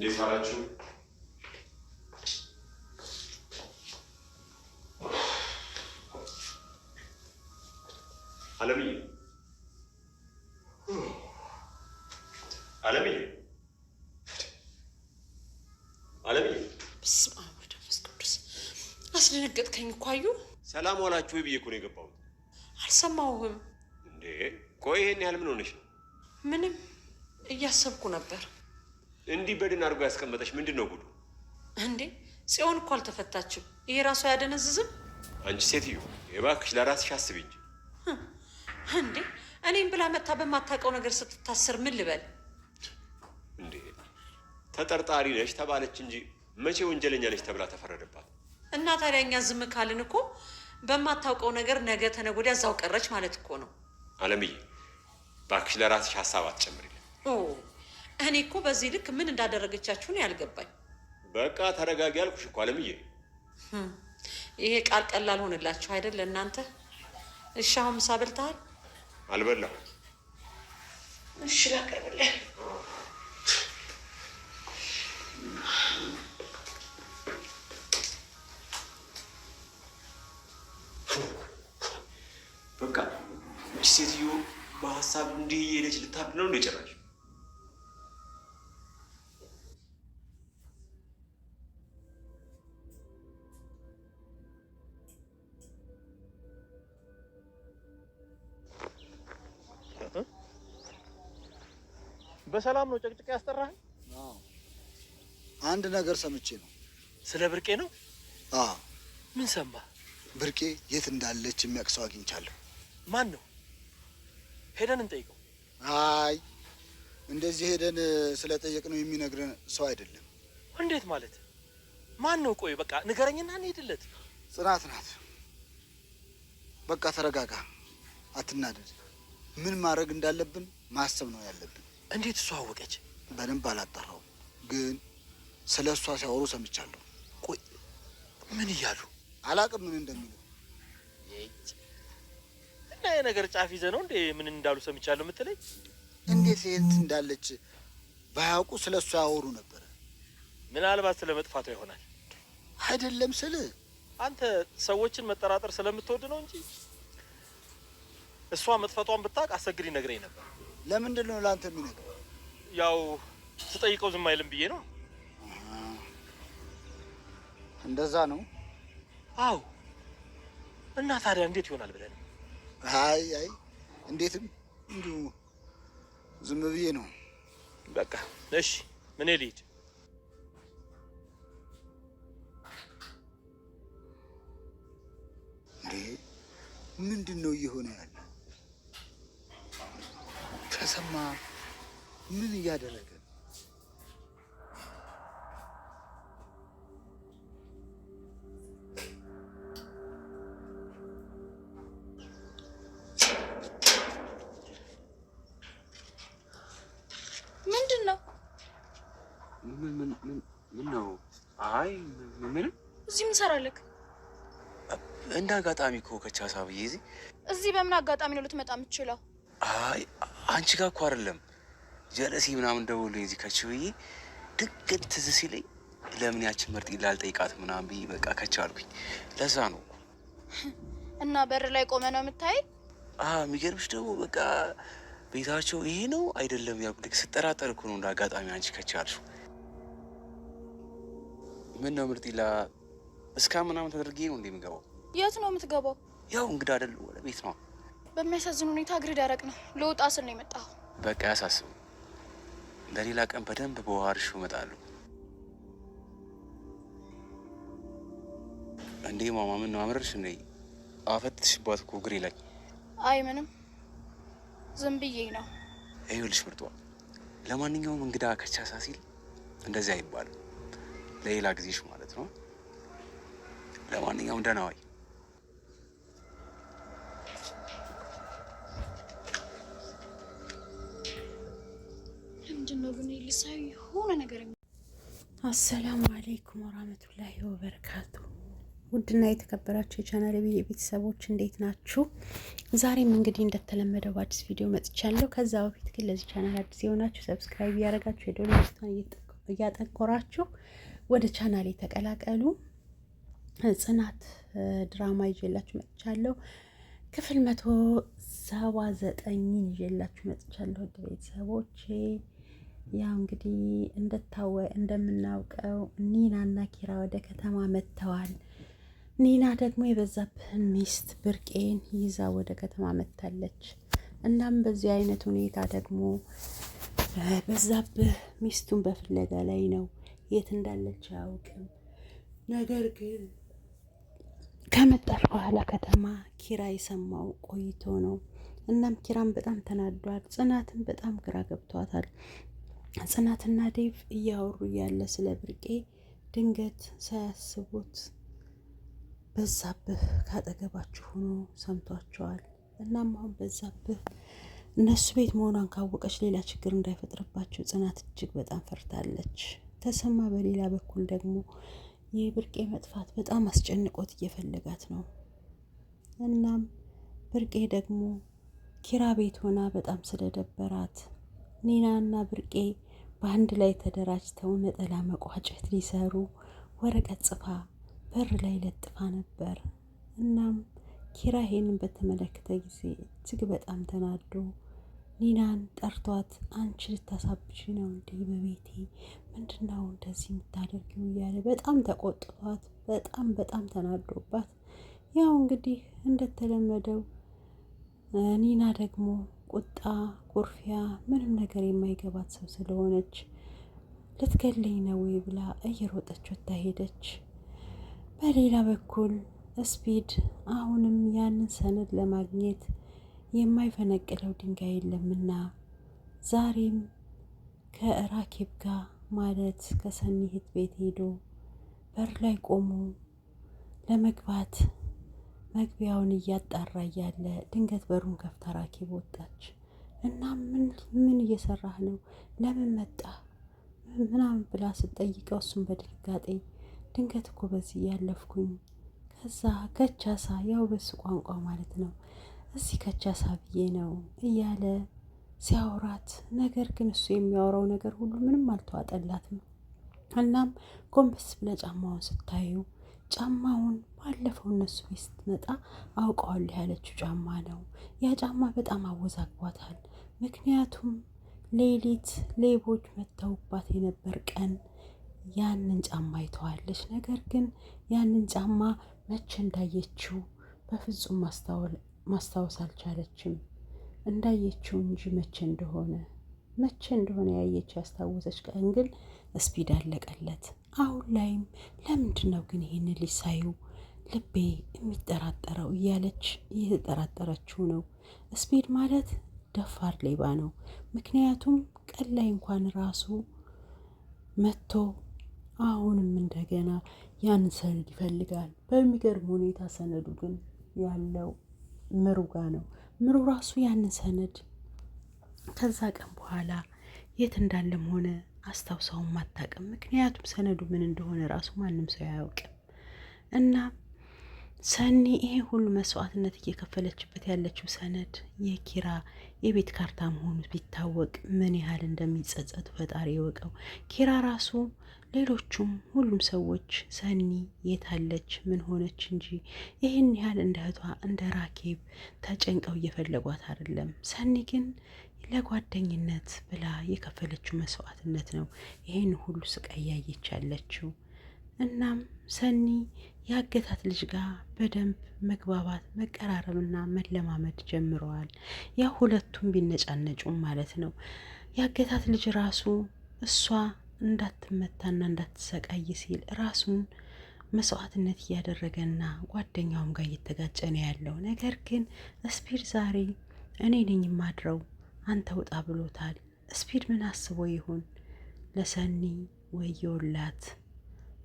እንዴት አለምዬ አለምዬ አለምዬ፣ በስመ አብ ወመንፈስ ቅዱስ አስደነገጥከኝ። እኮ ሰላም ዋላችሁ ወይ ብዬ እኮ ነው የገባሁት። አልሰማሁህም እንዴ? ቆይ ይሄን ያህል ምን ሆነሽ ነው? ምንም እያሰብኩ ነበር እንዲህ በድን አድርጎ ያስቀመጠች ምንድን ነው ጉዱ? እንዴ ጽዮን እኮ አልተፈታችም። ይሄ ራሱ አያደነዝዝም? አንቺ ሴትዮ የባክሽ ለራስሽ አስቢ እንጂ። እንዴ እኔም ብላ መታ በማታውቀው ነገር ስትታሰር ምን ልበል እንዴ? ተጠርጣሪ ነች ተባለች እንጂ መቼ ወንጀለኛ ነች ተብላ ተፈረደባት። እና ታዲያ እኛ ዝም ካልን እኮ በማታውቀው ነገር ነገ ተነጎዳ እዛው ቀረች ማለት እኮ ነው። አለምዬ ባክሽ ለራስሽ ሀሳብ አትጨምሪልን። እኔ እኮ በዚህ ልክ ምን እንዳደረገቻችሁ ነው ያልገባኝ። በቃ ተረጋጊ አልኩሽ እኮ አለምዬ። ይሄ ቃል ቀላል ሆንላችሁ አይደል እናንተ? እሺ አሁን ምሳ በልተሃል? እሺ ላቀርብልህ በቃ ሴትዮ በሀሳብ እንዲህ እየሄደች ልታብድ ነው እንደ ጭራሽ በሰላም ነው ጨቅጭቅ ያስጠራህ? አንድ ነገር ሰምቼ ነው። ስለ ብርቄ ነው? አዎ። ምን ሰማ? ብርቄ የት እንዳለች የሚያውቅ ሰው አግኝቻለሁ። ማን ነው? ሄደን እንጠይቀው። አይ እንደዚህ ሄደን ነው የሚነግረን ሰው አይደለም። እንዴት ማለት ማን ነው? ቆይ በቃ ንገረኝና እንሄድለት። ጽናት ናት። በቃ ተረጋጋ፣ አትናደድ። ምን ማድረግ እንዳለብን ማሰብ ነው ያለብን። እንዴት እሷ አወቀች? በደንብ አላጠራው፣ ግን ስለ እሷ ሲያወሩ ሰምቻለሁ። ቆይ ምን እያሉ አላቅም፣ ምን እንደሚሉ እና የነገር ጫፍ ይዘ ነው እንዴ? ምን እንዳሉ ሰምቻለሁ የምትለኝ? እንዴት የት እንዳለች ባያውቁ ስለ እሷ ያወሩ ነበረ። ምናልባት ስለ መጥፋቷ ይሆናል። አይደለም ስል አንተ ሰዎችን መጠራጠር ስለምትወድ ነው እንጂ እሷ መጥፋቷን ብታውቅ አሰግድ ይነግረኝ ነበር። ለምንድን ነው ለአንተ የሚነግረው? ያው ስጠይቀው ዝም አይልም ብዬ ነው። እንደዛ ነው? አዎ። እና ታዲያ እንዴት ይሆናል ብለን? አይ አይ፣ እንዴትም እንዲሁ ዝም ብዬ ነው። በቃ እሺ፣ ምን ልሂድ። ምንድን ነው እየሆነ ያለ? ተሰማ ምን እያደረገ ነው? ምንድን ነው? ምን ነው? አይ ምንም። እዚህ ምን ሰራለክ? እንደ አጋጣሚ እኮ ከቻሳ ብዬ እዚህ እዚህ በምን አጋጣሚ ነው ልትመጣ የምትችለው? አይ አንቺ ጋር እኮ አይደለም ጀለሴ ምናምን ደውሎኝ እዚህ ከች ብዬ ድንገት ትዝ ሲለኝ ለምን ያችን መርጥ ላልጠይቃት ምናምን ብዬ በቃ ከች አልኩኝ። ለዛ ነው እና በር ላይ ቆመ ነው የምታይ። የሚገርምሽ ደግሞ በቃ ቤታቸው ይሄ ነው አይደለም ያ ልክ ስጠራጠር እኮ ነው እንደ አጋጣሚ አንቺ ከች አልሽው። ምን ነው ምርጢላ እስካ ምናምን ተደርጌ ነው እንደ የት ነው የምትገባው? ያው እንግዳ አይደል ወደ ቤት ነው በሚያሳዝን ሁኔታ እግር ደረቅ ነው። ለውጣ ስል ነው የመጣው። በቃ ያሳስብ። ለሌላ ቀን በደንብ በውሃ እርሹ እመጣለሁ። እንዴ ማማ፣ ምን ነው አምረርሽ እንዴ? አፈትሽባት እኮ እግሬ ላይ። አይ ምንም ዝም ብዬ ነው። ይኸውልሽ ምርጧ፣ ለማንኛውም እንግዳ ከቻሳ ሲል እንደዚህ አይባልም። ለሌላ ጊዜሽ ማለት ነው። ለማንኛውም ደህና ዋይ። ምንድን ነው ግን ልሳዊ የሆነ ነገር አሰላሙ አለይኩም ወራህመቱላሂ ወበረካቱ። ውድና የተከበራችሁ የቻናል ቤተሰቦች እንዴት ናችሁ? ዛሬም እንግዲህ እንደተለመደው በአዲስ ቪዲዮ መጥቻለሁ። ከዛ በፊት ግን ለዚህ ቻናል አዲስ የሆናችሁ ሰብስክራይብ እያደረጋችሁ የደወል ምልክቱን እያጠቆራችሁ ወደ ቻናል የተቀላቀሉ። ጽናት ድራማ ይዤላችሁ መጥቻለሁ። ክፍል መቶ ሰባ ዘጠኝን ይዤላችሁ መጥቻለሁ። ውድ ቤተሰቦቼ ያው እንግዲህ እንደታወ እንደምናውቀው ኒናና ኪራ ወደ ከተማ መጥተዋል። ኒና ደግሞ የበዛብህን ሚስት ብርቄን ይዛ ወደ ከተማ መጥታለች። እናም በዚህ አይነት ሁኔታ ደግሞ በዛብህ ሚስቱን በፍለጋ ላይ ነው። የት እንዳለች አያውቅም። ነገር ግን ከመጣች በኋላ ከተማ ኪራ የሰማው ቆይቶ ነው። እናም ኪራም በጣም ተናዷል። ጽናትን በጣም ግራ ገብቷታል። ጽናትና ዴቭ እያወሩ ያለ ስለ ብርቄ ድንገት ሳያስቡት በዛብህ ካጠገባችሁ ሆኖ ሰምቷቸዋል። እናም አሁን በዛብህ እነሱ ቤት መሆኗን ካወቀች ሌላ ችግር እንዳይፈጥርባቸው ጽናት እጅግ በጣም ፈርታለች። ተሰማ በሌላ በኩል ደግሞ የብርቄ መጥፋት በጣም አስጨንቆት እየፈለጋት ነው። እናም ብርቄ ደግሞ ኪራ ቤት ሆና በጣም ስለደበራት ኒናና ብርቄ በአንድ ላይ ተደራጅተው ነጠላ መቋጨት ሊሰሩ ወረቀት ጽፋ በር ላይ ለጥፋ ነበር። እናም ኪራ ይሄንን በተመለከተ ጊዜ እጅግ በጣም ተናዶ ኒናን ጠርቷት አንቺ ልታሳብሽ ነው እንዴ? በቤቴ ምንድነው እንደዚህ የምታደርጊው? እያለ በጣም ተቆጥቷት በጣም በጣም ተናዶባት፣ ያው እንግዲህ እንደተለመደው ኒና ደግሞ ቁጣ፣ ኩርፊያ ምንም ነገር የማይገባት ሰው ስለሆነች ልትገለኝ ነው ወይ ብላ እየሮጠች ወታ ሄደች። በሌላ በኩል ስፒድ አሁንም ያንን ሰነድ ለማግኘት የማይፈነቅለው ድንጋይ የለምና ዛሬም ከራኬብ ጋር ማለት ከሰኒህት ቤት ሄዶ በር ላይ ቆሞ ለመግባት መግቢያውን እያጣራ እያለ ድንገት በሩን ከፍታ ራኬብ ወጣች። እና ምን ምን እየሰራህ ነው? ለምን መጣ ምናምን ብላ ስጠይቀው እሱን በድንጋጤ ድንገት እኮ በዚህ ያለፍኩኝ ከዛ ከቻሳ ያው በሱ ቋንቋ ማለት ነው እዚህ ከቻሳ ብዬ ነው እያለ ሲያወራት፣ ነገር ግን እሱ የሚያወራው ነገር ሁሉ ምንም አልተዋጠላትም። እናም ጎንበስ ብለ ጫማውን ስታዩ ጫማውን ባለፈው እነሱ ቤት ስትመጣ አውቀዋል ያለችው ጫማ ነው። ያ ጫማ በጣም አወዛግቧታል። ምክንያቱም ሌሊት ሌቦች መተውባት የነበር ቀን ያንን ጫማ አይተዋለች። ነገር ግን ያንን ጫማ መቼ እንዳየችው በፍጹም ማስታወስ አልቻለችም። እንዳየችው እንጂ መቼ እንደሆነ መቼ እንደሆነ ያየችው ያስታወሰች ቀን ግን ስፒድ አለቀለት። አሁን ላይም ለምንድን ነው ግን ይህን ልጅ ልቤ የሚጠራጠረው እያለች እየተጠራጠረችው ነው። ስፒድ ማለት ደፋር ሌባ ነው። ምክንያቱም ቀን ላይ እንኳን ራሱ መጥቶ አሁንም እንደገና ያንን ሰነድ ይፈልጋል። በሚገርም ሁኔታ ሰነዱ ግን ያለው ምሩ ጋ ነው። ምሩ ራሱ ያንን ሰነድ ከዛ ቀን በኋላ የት እንዳለም ሆነ አስታውሰውም አታውቅም። ምክንያቱም ሰነዱ ምን እንደሆነ ራሱ ማንም ሰው አያውቅም። እና ሰኒ ይሄ ሁሉ መስዋዕትነት እየከፈለችበት ያለችው ሰነድ የኪራ የቤት ካርታ መሆኑ ቢታወቅ ምን ያህል እንደሚጸጸት ፈጣሪ ይወቀው። ኪራ ራሱ ሌሎቹም ሁሉም ሰዎች ሰኒ የታለች ምን ሆነች እንጂ ይህን ያህል እንደ እህቷ እንደ ራኬብ ተጨንቀው እየፈለጓት አይደለም። ሰኒ ግን ለጓደኝነት ብላ የከፈለችው መስዋዕትነት ነው ይሄን ሁሉ ስቃይ እያየች ያለችው። እናም ሰኒ የአገታት ልጅ ጋር በደንብ መግባባት መቀራረብና መለማመድ ጀምረዋል። ያ ሁለቱም ቢነጫነጩም ማለት ነው የአገታት ልጅ ራሱ እሷ እንዳትመታና እንዳትሰቃይ ሲል ራሱን መስዋዕትነት እያደረገና ጓደኛውም ጋር እየተጋጨ ነው ያለው። ነገር ግን እስፒድ ዛሬ እኔ ነኝ የማድረው አንተ ውጣ ብሎታል። ስፒድ ምን አስቦ ይሆን? ለሰኒ ወየውላት።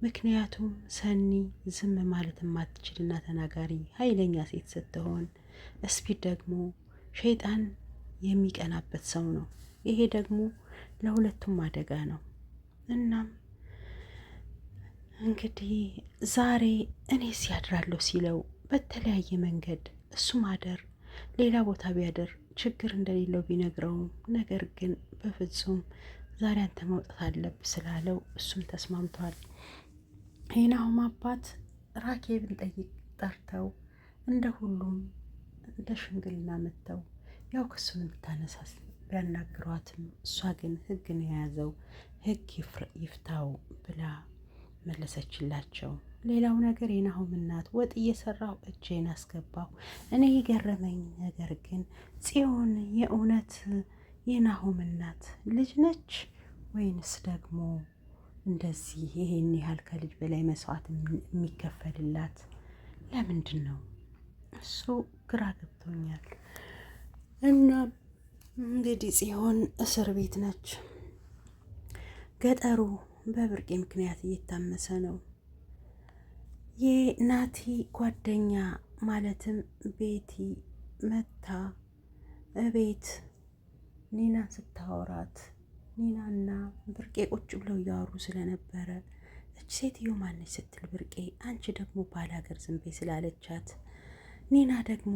ምክንያቱም ሰኒ ዝም ማለት የማትችልና ተናጋሪ ኃይለኛ ሴት ስትሆን ስፒድ ደግሞ ሸይጣን የሚቀናበት ሰው ነው። ይሄ ደግሞ ለሁለቱም አደጋ ነው። እናም እንግዲህ ዛሬ እኔ ያድራለሁ ሲለው በተለያየ መንገድ እሱ ማደር ሌላ ቦታ ቢያደር ችግር እንደሌለው ቢነግረውም ነገር ግን በፍጹም ዛሬ አንተ መውጣት አለብህ ስላለው እሱም ተስማምቷል። የናሁም አባት ራኬብን ጠይቅ ጠርተው እንደ ሁሉም እንደ ሽምግልና መጥተው ያው ክሱን የምታነሳስ ቢያናግሯትም እሷ ግን ህግን የያዘው ህግ ይፍታው ብላ መለሰችላቸው። ሌላው ነገር የናሁም እናት ወጥ እየሰራሁ እጄን አስገባሁ። እኔ የገረመኝ ነገር ግን ጽዮን የእውነት የናሁም እናት ልጅ ነች ወይንስ ደግሞ እንደዚህ ይሄን ያህል ከልጅ በላይ መስዋዕት የሚከፈልላት ለምንድን ነው? እሱ ግራ ገብቶኛል። እና እንግዲህ ጽዮን እስር ቤት ነች ገጠሩ በብርቄ ምክንያት እየታመሰ ነው። የናቲ ጓደኛ ማለትም ቤቲ መታ እቤት ኒና ስታወራት ኒናና ብርቄ ቁጭ ብለው እያወሩ ስለነበረ እች ሴትዮ ማነች ስትል ብርቄ አንቺ ደግሞ ባል ሀገር ዝንቤ ስላለቻት ኒና ደግሞ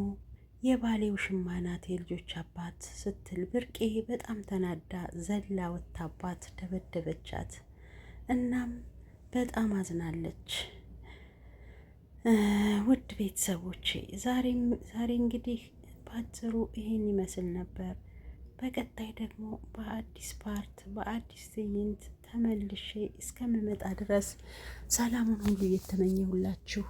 የባሌ ውሽማ ናት የልጆች አባት ስትል ብርቄ በጣም ተናዳ ዘላ ወታባት ደበደበቻት። እናም በጣም አዝናለች። ውድ ቤተሰቦቼ ዛሬ እንግዲህ ባጭሩ ይሄን ይመስል ነበር። በቀጣይ ደግሞ በአዲስ ፓርት በአዲስ ትዕይንት ተመልሼ እስከምመጣ ድረስ ሰላሙን ሁሉ እየተመኘሁላችሁ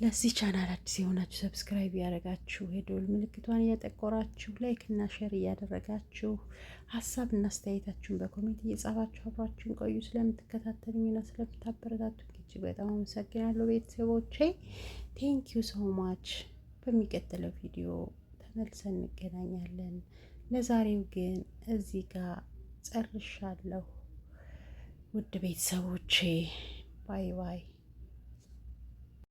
ለዚህ ቻናል አዲስ የሆናችሁ ሰብስክራይብ እያደረጋችሁ የደወል ምልክቷን እያጠቆራችሁ ላይክ እና ሼር እያደረጋችሁ ሀሳብ እና አስተያየታችሁን በኮሜንት እየጻፋችሁ አብራችሁን ቆዩ። ስለምትከታተሉኝና ስለምታበረታቱ እጅግ በጣም አመሰግናለሁ ቤተሰቦቼ፣ ዩ ሶ ማች። በሚቀጥለው ቪዲዮ ተመልሰን እንገናኛለን። ለዛሬው ግን እዚህ ጋር ጨርሻለሁ። ውድ ቤተሰቦቼ ባይ ባይ።